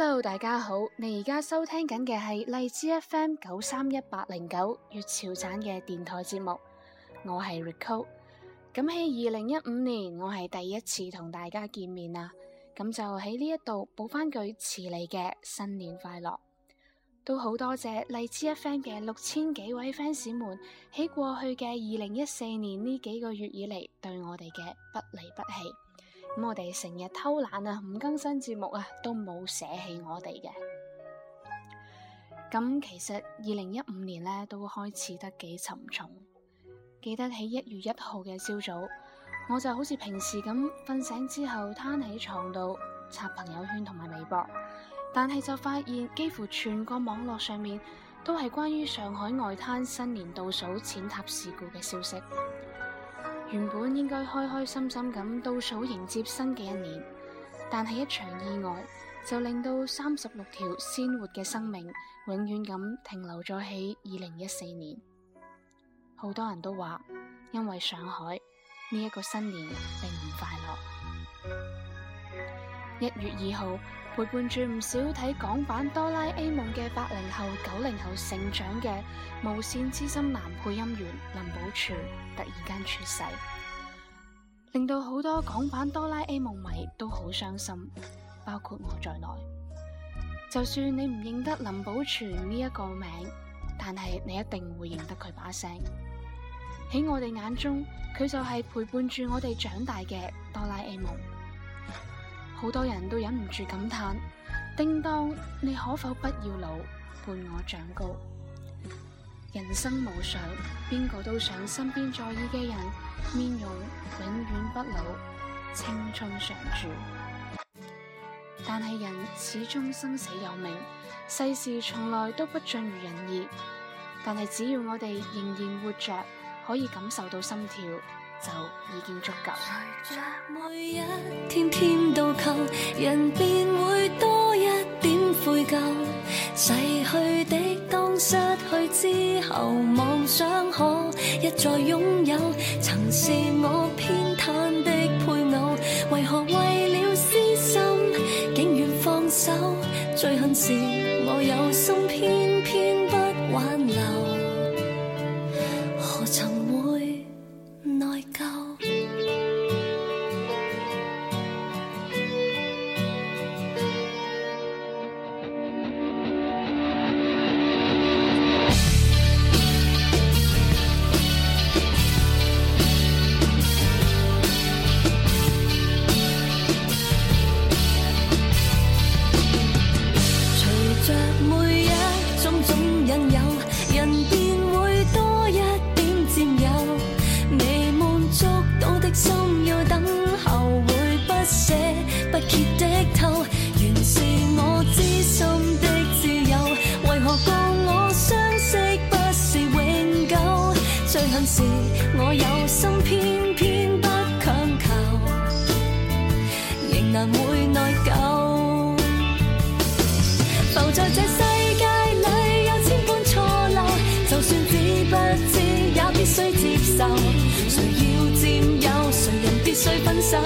hello，大家好，你而家收聽緊嘅係荔枝 FM 九三一八零九越潮產嘅電台節目，我係 Rico。咁喺二零一五年，我係第一次同大家見面啦，咁就喺呢一度補翻句遲嚟嘅新年快樂，都好多謝荔枝 FM 嘅六千幾位 fans 們喺過去嘅二零一四年呢幾個月以嚟對我哋嘅不離不棄。咁我哋成日偷懶啊，唔更新節目啊，都冇捨棄我哋嘅。咁其實二零一五年呢，都開始得幾沉重。記得喺一月一號嘅朝早，我就好似平時咁瞓醒之後攤喺床度刷朋友圈同埋微博，但係就發現幾乎全個網絡上面都係關於上海外灘新年倒數踐踏事故嘅消息。原本應該開開心心咁倒數迎接新嘅一年，但係一場意外就令到三十六條鮮活嘅生命永遠咁停留咗喺二零一四年。好多人都話，因為上海呢一個新年並唔快樂。一月二號，陪伴住唔少睇港版《哆啦 A 夢》嘅八零後、九零後成長嘅無線資深男配音員林保全突然間去世，令到好多港版《哆啦 A 夢》迷都好傷心，包括我在內。就算你唔認得林保全呢一個名，但係你一定會認得佢把聲。喺我哋眼中，佢就係陪伴住我哋長大嘅《哆啦 A 夢》。好多人都忍唔住感嘆：叮噹，你可否不要老，伴我長高？人生無常，邊個都想身邊在意嘅人面容永遠不老，青春常駐。但係人始終生死有命，世事從來都不盡如人意。但係只要我哋仍然活着，可以感受到心跳。就已經足夠，隨著每一天天倒扣，人便會多一點悔疚。逝去去的當失去之後，妄想可一再擁有。曾是我偏。在這世界裏，有千般錯漏，就算知不知，也必須接受。誰要佔有，誰人必須分手。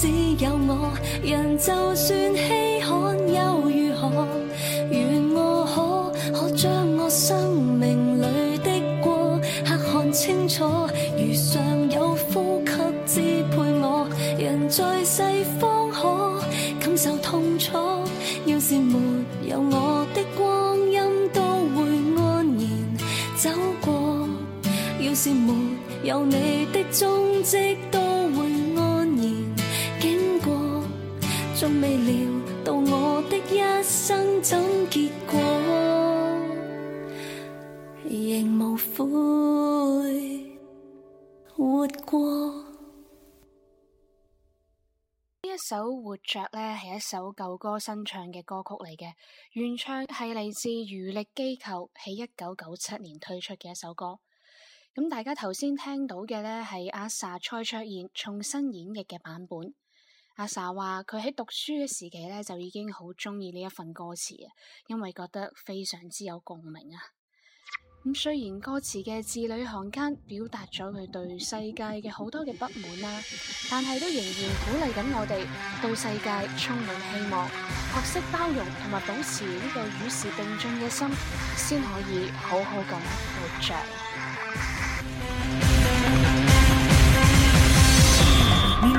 只有我，人就算稀罕又如何？願我可可將我生命裏的過客看清楚。如常有呼吸支配我，人在世方可感受痛楚。要是沒有我的光陰，都會安然走過，要是沒有你的蹤跡都。仲未料到我的一生怎結果，仍無悔活過。呢一首《活着》咧，係一首舊歌新唱嘅歌曲嚟嘅，原唱係嚟自余力機構喺一九九七年推出嘅一首歌。咁大家頭先聽到嘅咧，係阿 sa 蔡卓妍重新演繹嘅版本。阿 Sa 話佢喺讀書嘅時期咧，就已經好中意呢一份歌詞啊，因為覺得非常之有共鳴啊。咁雖然歌詞嘅字裏行間表達咗佢對世界嘅好多嘅不滿啦，但係都仍然鼓勵緊我哋對世界充滿希望，學識包容同埋保持呢個與時並進嘅心，先可以好好咁活着。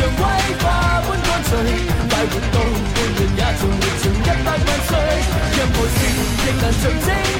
像威化般乾脆，快活到半日也像活盡一百萬歲，任何事亦難長駐。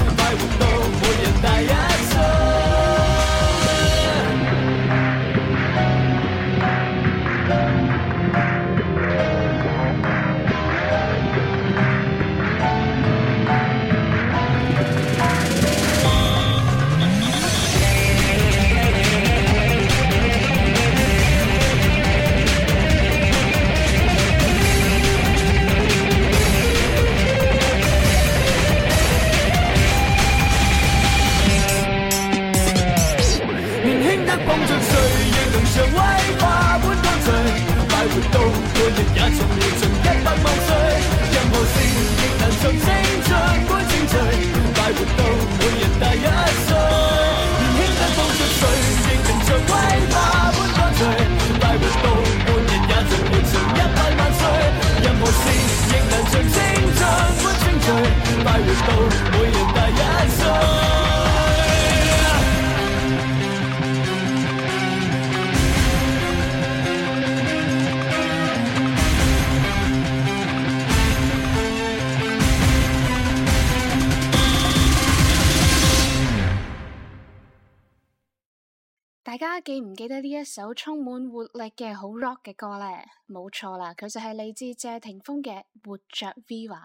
大家記唔記得呢一首充滿活力嘅好 rock 嘅歌呢？冇錯啦，佢就係嚟自謝霆鋒嘅《活着 Viva》。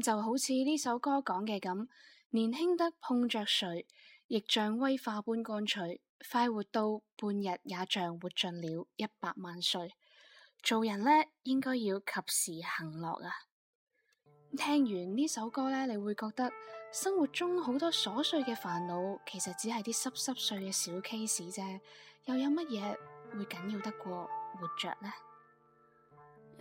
就好似呢首歌講嘅咁，年輕得碰着誰，亦像威化般乾脆，快活到半日，也像活盡了一百萬歲。做人呢，應該要及時行樂啊！聽完呢首歌呢，你會覺得生活中好多瑣碎嘅煩惱，其實只係啲濕濕碎嘅小 case 啫。又有乜嘢會緊要得過活着呢？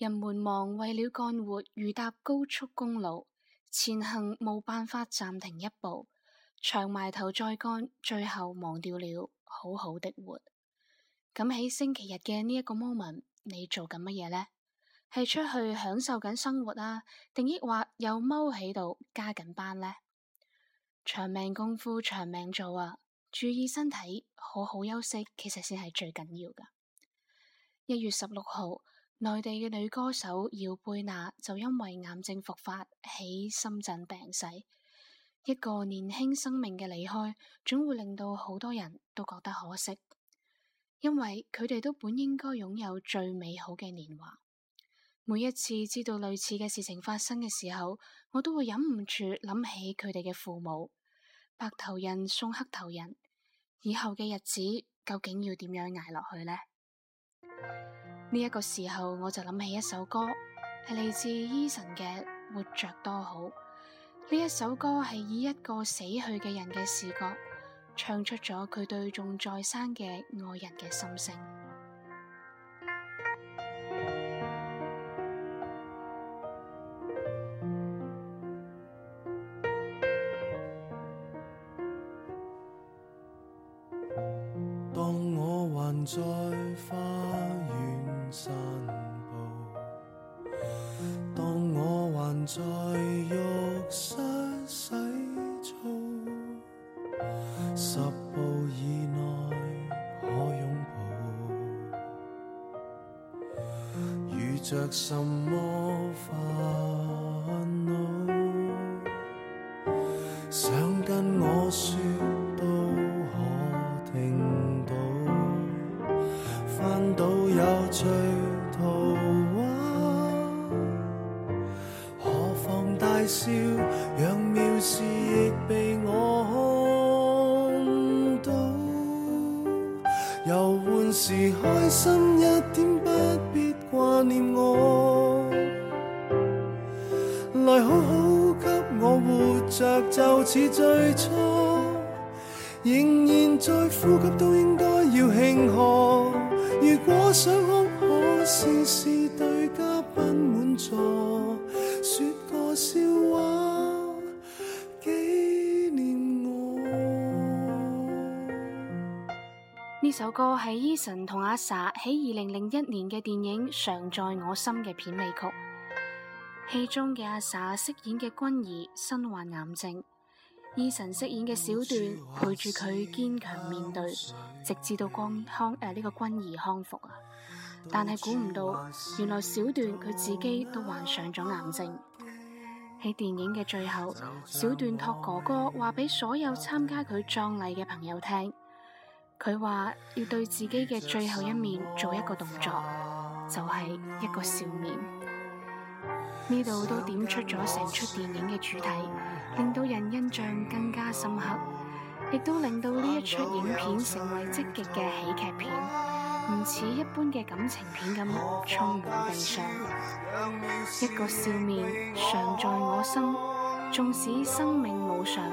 人們忙為了幹活如搭高速公路前行，冇辦法暫停一步，長埋頭再幹，最後忘掉了好好的活。咁喺星期日嘅呢一個 moment，你做緊乜嘢呢？係出去享受緊生活啊，定抑或又踎喺度加緊班呢？長命功夫長命做啊！注意身體，好好休息，其實先係最緊要㗎。一月十六號。內地嘅女歌手姚貝娜就因為癌症復發喺深圳病逝，一個年輕生命嘅離開，總會令到好多人都覺得可惜，因為佢哋都本應該擁有最美好嘅年華。每一次知道類似嘅事情發生嘅時候，我都會忍唔住諗起佢哋嘅父母，白頭人送黑頭人，以後嘅日子究竟要點樣捱落去呢？呢一個時候我就諗起一首歌，係嚟自 Eason 嘅《活着多好》。呢一首歌係以一個死去嘅人嘅視角，唱出咗佢對仲在生嘅愛人嘅心聲。着什麼煩惱？最初仍然在呼吸，都應該要慶賀。如果想哭可試試對嘉賓滿座。說個笑話紀念我。呢首歌係 Eason 同阿 Sa 喺二零零一年嘅電影《常在我心》嘅片尾曲，戲中嘅阿 Sa 飾演嘅君兒身患癌症。Eason 飾演嘅小段陪住佢堅強面對，直至到光康康誒呢個軍兒康復啊！但係估唔到，原來小段佢自己都患上咗癌症。喺電影嘅最後，小段託哥哥話俾所有參加佢葬禮嘅朋友聽，佢話要對自己嘅最後一面做一個動作，就係、是、一個笑面。呢度都點出咗成出電影嘅主題，令到人印象更加深刻，亦都令到呢一出影片成為積極嘅喜劇片，唔似一般嘅感情片咁充滿悲傷。一個笑面常在我心，縱使生命無常，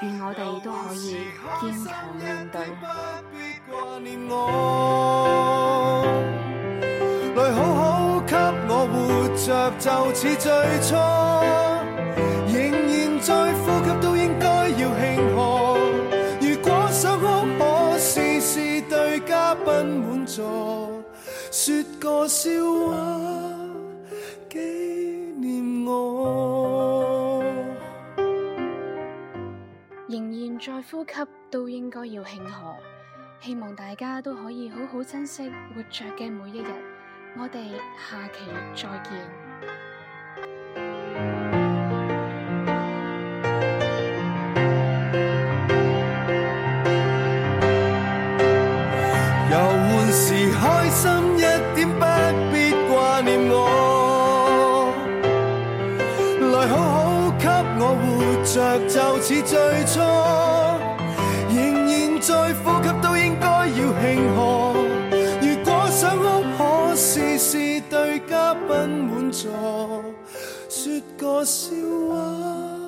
願我哋都可以堅強面對。着就似最初，仍然在呼吸，都應該要慶賀，如果想哭，可試試對嘉賓滿座說個笑話紀念我。仍然在呼吸，都應該要慶賀。希望大家都可以好好珍惜活着嘅每一日。我哋下期再見。遊玩時開心一點，不必掛念我。來好好給我活着，就似最初。滿座，說個笑話。